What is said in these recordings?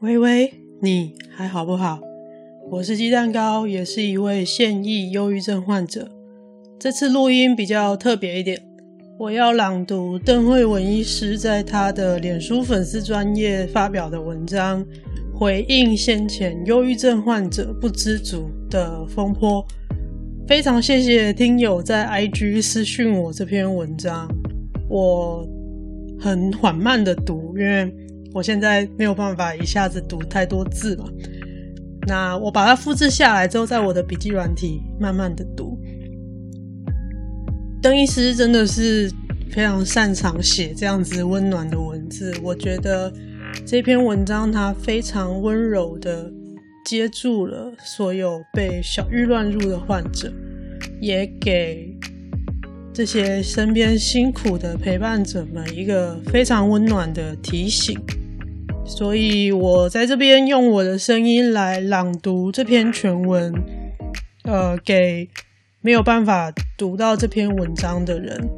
喂喂，你還好不好？我是雞蛋糕，也是一位現役憂鬱症患者。這次錄音比較特別一點，我要朗讀鄧惠文醫師在她的臉書粉絲專頁發表的文章，回應先前憂鬱症患者不知足的風波。非常謝謝聽友在 IG 私訊我這篇文章，我很緩慢的讀，因為，我現在沒有辦法一下子讀太多字嘛，那我把它複制下來之後，在我的筆記軟體慢慢的讀。鄧醫師真的是非常擅長寫這樣子溫暖的文字，我覺得這篇文章它非常溫柔的接住了所有被小鬱亂入的患者，也給這些身邊辛苦的陪伴者們一個非常溫暖的提醒。所以我在這邊用我的聲音來朗讀這篇全文，呃，給沒有辦法讀到這篇文章的人。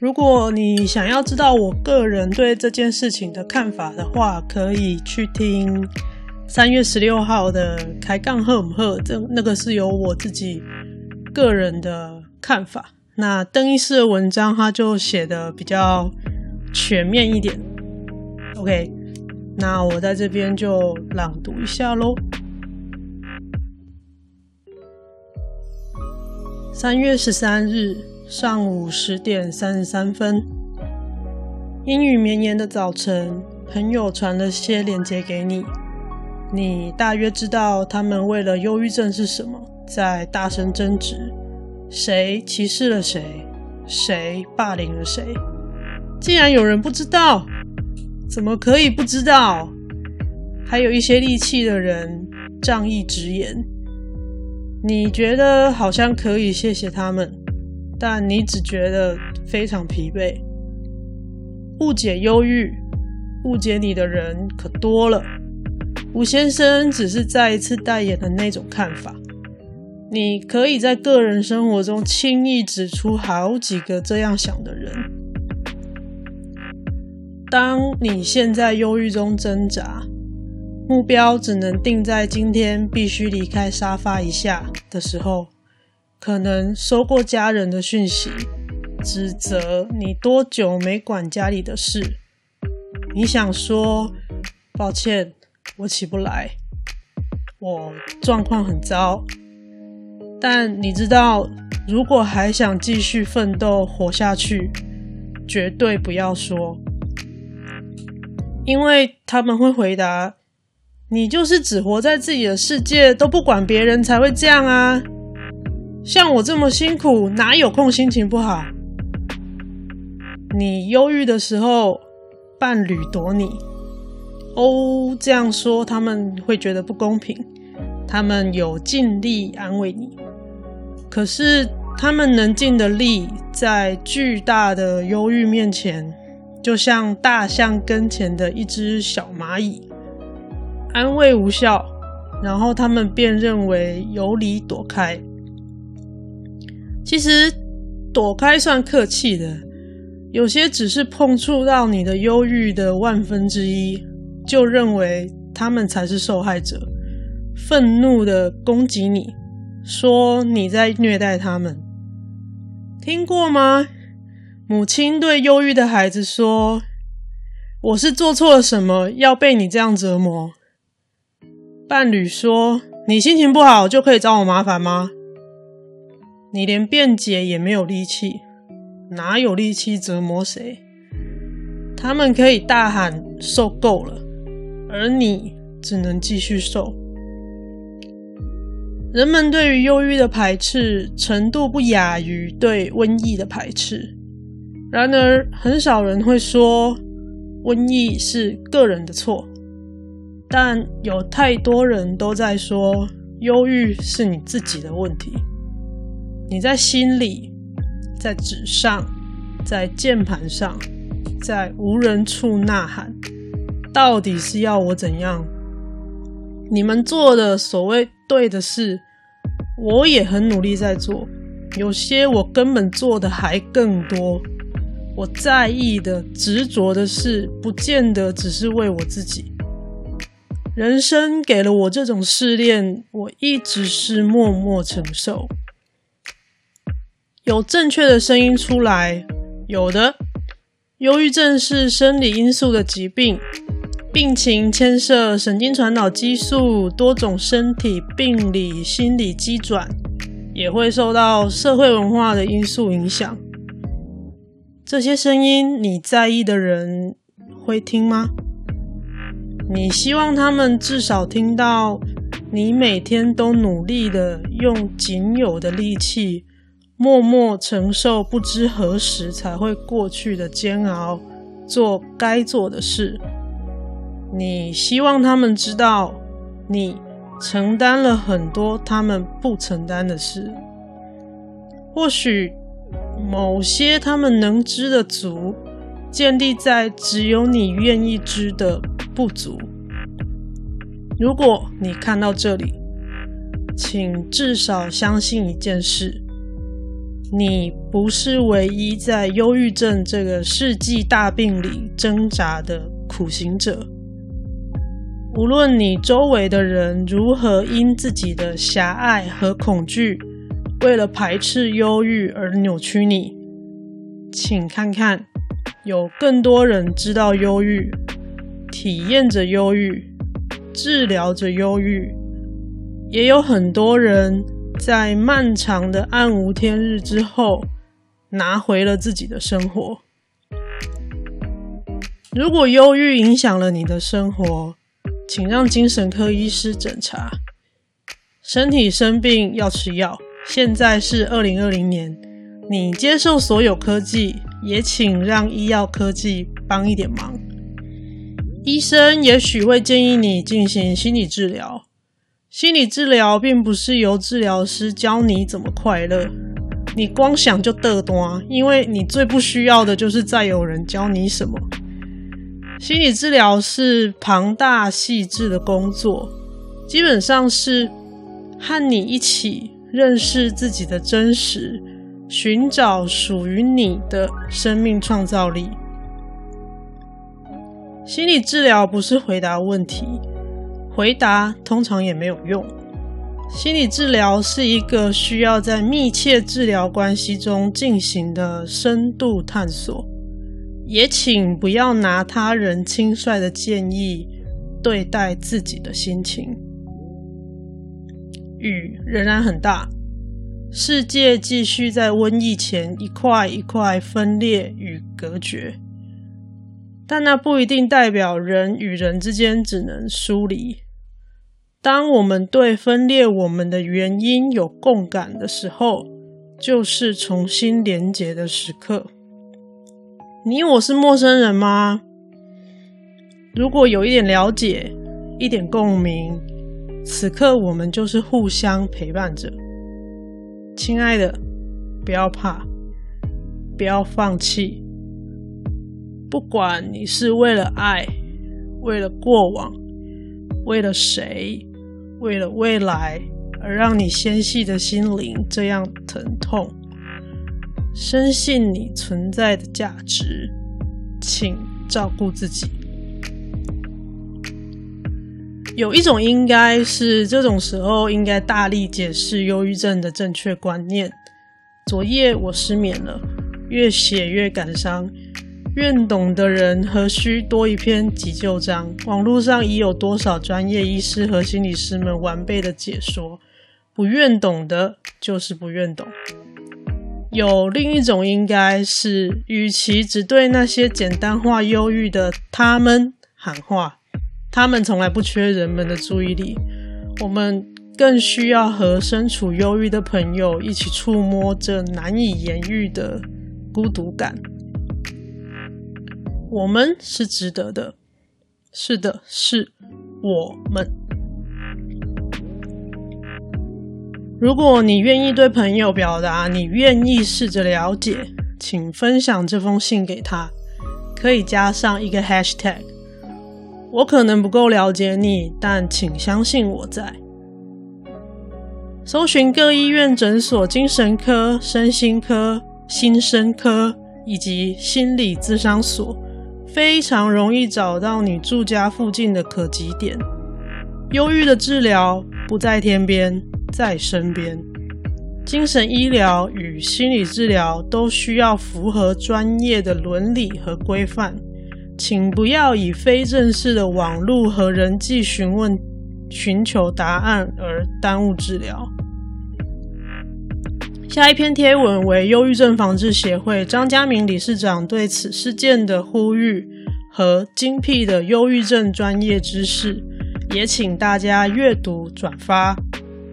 如果你想要知道我個人對這件事情的看法的話，可以去聽三月十六號的「開槓好不好」。這那個是由我自己個人的看法。那鄧醫師的文章他就寫的比較，全面一點，OK，那我在這邊就朗讀一下嘍。三月十三日上午十點三十三分，陰雨綿綿的早晨，朋友傳了些連結給你，你大約知道他們為了憂鬱症是什麼在大聲爭執，誰歧視了誰，誰霸凌了誰。既然有人不知道，怎麼可以不知道？還有一些戾氣的人仗義執言，你覺得好像可以謝謝他們，但你只覺得非常疲憊。誤解憂鬱、誤解你的人可多了。吳先生只是再一次代言的那種看法，你可以在個人生活中輕易指出好幾個這樣想的人。當你現在憂鬱中掙扎，目標只能定在今天必須離開沙發一下的時候，可能收過家人的訊息，指責你多久沒管家裡的事。你想說抱歉，我起不來，我狀況很糟。但你知道，如果還想繼續奮鬥活下去，絕對不要說。因為他們會回答：“你就是只活在自己的世界，都不管別人，才會這樣啊！像我這麼辛苦，哪有空心情不好？你憂鬱的時候，伴侶躲你，哦，這樣說他們會覺得不公平。他們有盡力安慰你，可是他們能盡的力，在巨大的憂鬱面前。”就像大象跟前的一隻小螞蟻，安慰無效，然後他們便認為有理躲開。其實躲開算客氣的，有些只是碰觸到你的憂鬱的萬分之一，就認為他們才是受害者，憤怒的攻擊你，說你在虐待他們，聽過嗎？母親對憂鬱的孩子說：“我是做錯了什麼，要被你這樣折磨？”伴侶說：“你心情不好就可以找我麻煩嗎？你連辯解也沒有力氣，哪有力氣折磨誰？他們可以大喊‘受夠了’，而你只能繼續受。”人們對於憂鬱的排斥程度不亞於對瘟疫的排斥。然而，很少人會說瘟疫是個人的錯，但有太多人都在說憂鬱是你自己的問題。你在心裡，在紙上，在鍵盤上，在無人處吶喊，到底是要我怎樣？你們做的所謂對的事，我也很努力在做，有些我根本做的還更多。我在意的、執着的事，不見得只是為我自己。人生給了我這種試煉，我一直是默默承受。有正確的聲音出來，有的。憂鬱症是生理因素的疾病，病情牽涉神經傳導、激素、多種身體病理、心理機轉，也會受到社會文化的因素影響。這些聲音，你在意的人會聽嗎？你希望他們至少聽到你每天都努力地用僅有的力氣，默默承受不知何時才會過去的煎熬，做該做的事。你希望他們知道，你承擔了很多他們不承擔的事。或許。某些他們能知的足，建立在只有你願意知的不足。如果你看到這裡，請至少相信一件事：你不是唯一在憂鬱症這個世紀大病裡掙扎的苦行者。無論你周圍的人如何因自己的狹隘和恐懼。為了排斥憂鬱而扭曲你，請看看，有更多人知道憂鬱，體驗着憂鬱，治療着憂鬱，也有很多人在漫長的暗無天日之後拿回了自己的生活。如果憂鬱影響了你的生活，請讓精神科醫師診查。身體生病要吃藥。現在是二零二零年，你接受所有科技，也請讓醫藥科技幫一點忙。醫生也許會建議你進行心理治療。心理治療並不是由治療師教你怎麼快樂，你光想就得多，因為你最不需要的就是再有人教你什麼。心理治療是龐大細緻的工作，基本上是和你一起。認識自己的真實，尋找屬於你的生命創造力。心理治療不是回答問題，回答通常也沒有用。心理治療是一個需要在密切治療關係中進行的深度探索。也請不要拿他人輕率的建議對待自己的心情。雨仍然很大，世界繼續在瘟疫前一塊一塊分裂與隔絕，但那不一定代表人與人之間只能疏離。當我們對分裂我們的原因有共感的時候，就是重新連結的時刻。你我是陌生人嗎？如果有一點了解，一點共鳴。此刻我們就是互相陪伴着，親愛的，不要怕，不要放棄。不管你是為了愛，為了過往，為了誰，為了未來，而讓你纖細的心靈這樣疼痛，深信你存在的價值，請照顧自己。有一種應該是這種時候應該大力解釋憂鬱症的正確觀念。昨夜我失眠了，越寫越感傷。願懂的人何須多一篇急救章？網絡上已有多少專業醫師和心理師們完備的解說，不願懂的，就是不願懂。有另一種應該是與其只對那些簡單化憂鬱的他們喊話。他們從來不缺人們的注意力。我們更需要和身處憂鬱的朋友一起觸摸這難以言喻的孤獨感。我們是值得的，是的，是我們。如果你願意對朋友表達，你願意試着了解，請分享這封信給他，可以加上一個 hashtag。我可能不夠了解你，但請相信我在。搜尋各醫院、診所、精神科、身心科、心身科以及心理諮商所，非常容易找到你住家附近的可及點。憂鬱的治療不在天邊，在身邊。精神醫療與心理治療都需要符合專業的倫理和規範。請不要以非正式的網絡和人際詢問尋求答案而耽誤治療。下一篇貼文為憂鬱症防治協會張家銘理事長對此事件的呼籲和精闢的憂鬱症專業知識，也請大家閱讀轉發，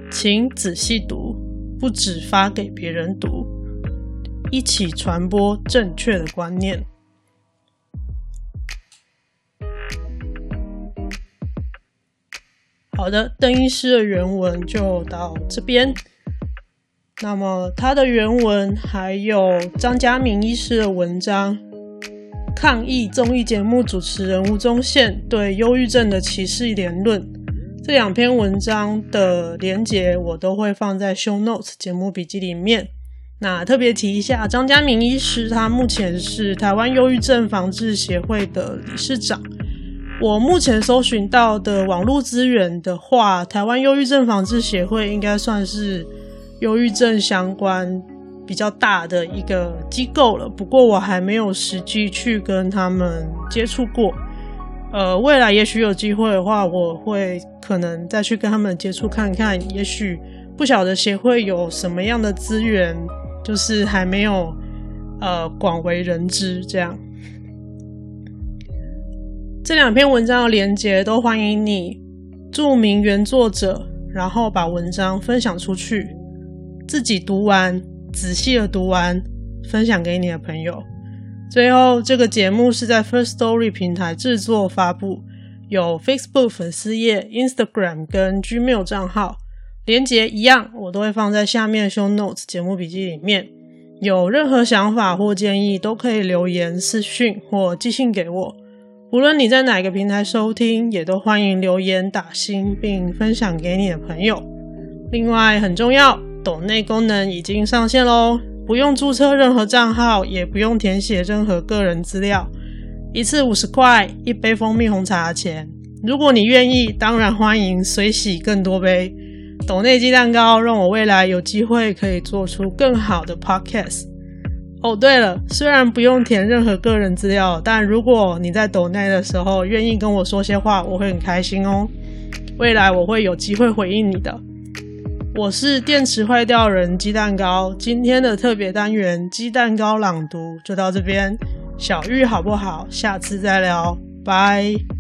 請仔細讀，不只發給別人讀，一起傳播正確的觀念。好的，鄧醫師的原文就到這邊。那麼他的原文還有張家銘醫師的文章《抗議綜藝節目主持人吳宗憲對憂鬱症的歧視言論》，這兩篇文章的連結我都會放在 Show Notes 節目筆記裡面。那特別提一下，張家銘醫師他目前是台灣憂鬱症防治協會的理事長。我目前搜尋到的網絡資源的話，台灣憂鬱症防治協會應該算是憂鬱症相關比較大的一個機構了。不過我還沒有實際去跟他們接觸過。呃，未來也許有機會的話，我會可能再去跟他們接觸看看。也許不曉得協會有什麼樣的資源，就是還沒有呃廣為人知這樣。這兩篇文章的連結都歡迎你註明原作者，然後把文章分享出去，自己讀完，仔細的讀完，分享給你的朋友。最後，這個節目是在 First Story 平台製作發佈，有 Facebook 粉絲頁、Instagram 跟 Gmail 賬號，連結一樣，我都會放在下面的 Show Notes 節目筆記裡面。有任何想法或建議，都可以留言私訊或寄信給我。無論你在哪個平台收聽，也都歡迎留言打星並分享給你的朋友。另外，很重要，抖內功能已經上線嘍！不用註冊任何賬號，也不用填寫任何個人資料，一次五十塊，一杯蜂蜜紅茶的錢。如果你願意，當然歡迎隨喜更多杯。抖內雞蛋糕，讓我未來有機會可以做出更好的 Podcast。哦，oh, 對了，雖然不用填任何個人資料，但如果你在 donate 的時候願意跟我說些話，我會很開心哦。未來我會有機會回應你的。我是電池壞掉人雞蛋糕，今天的特別單元雞蛋糕朗讀就到這邊，小鬱好不好？下次再聊，拜。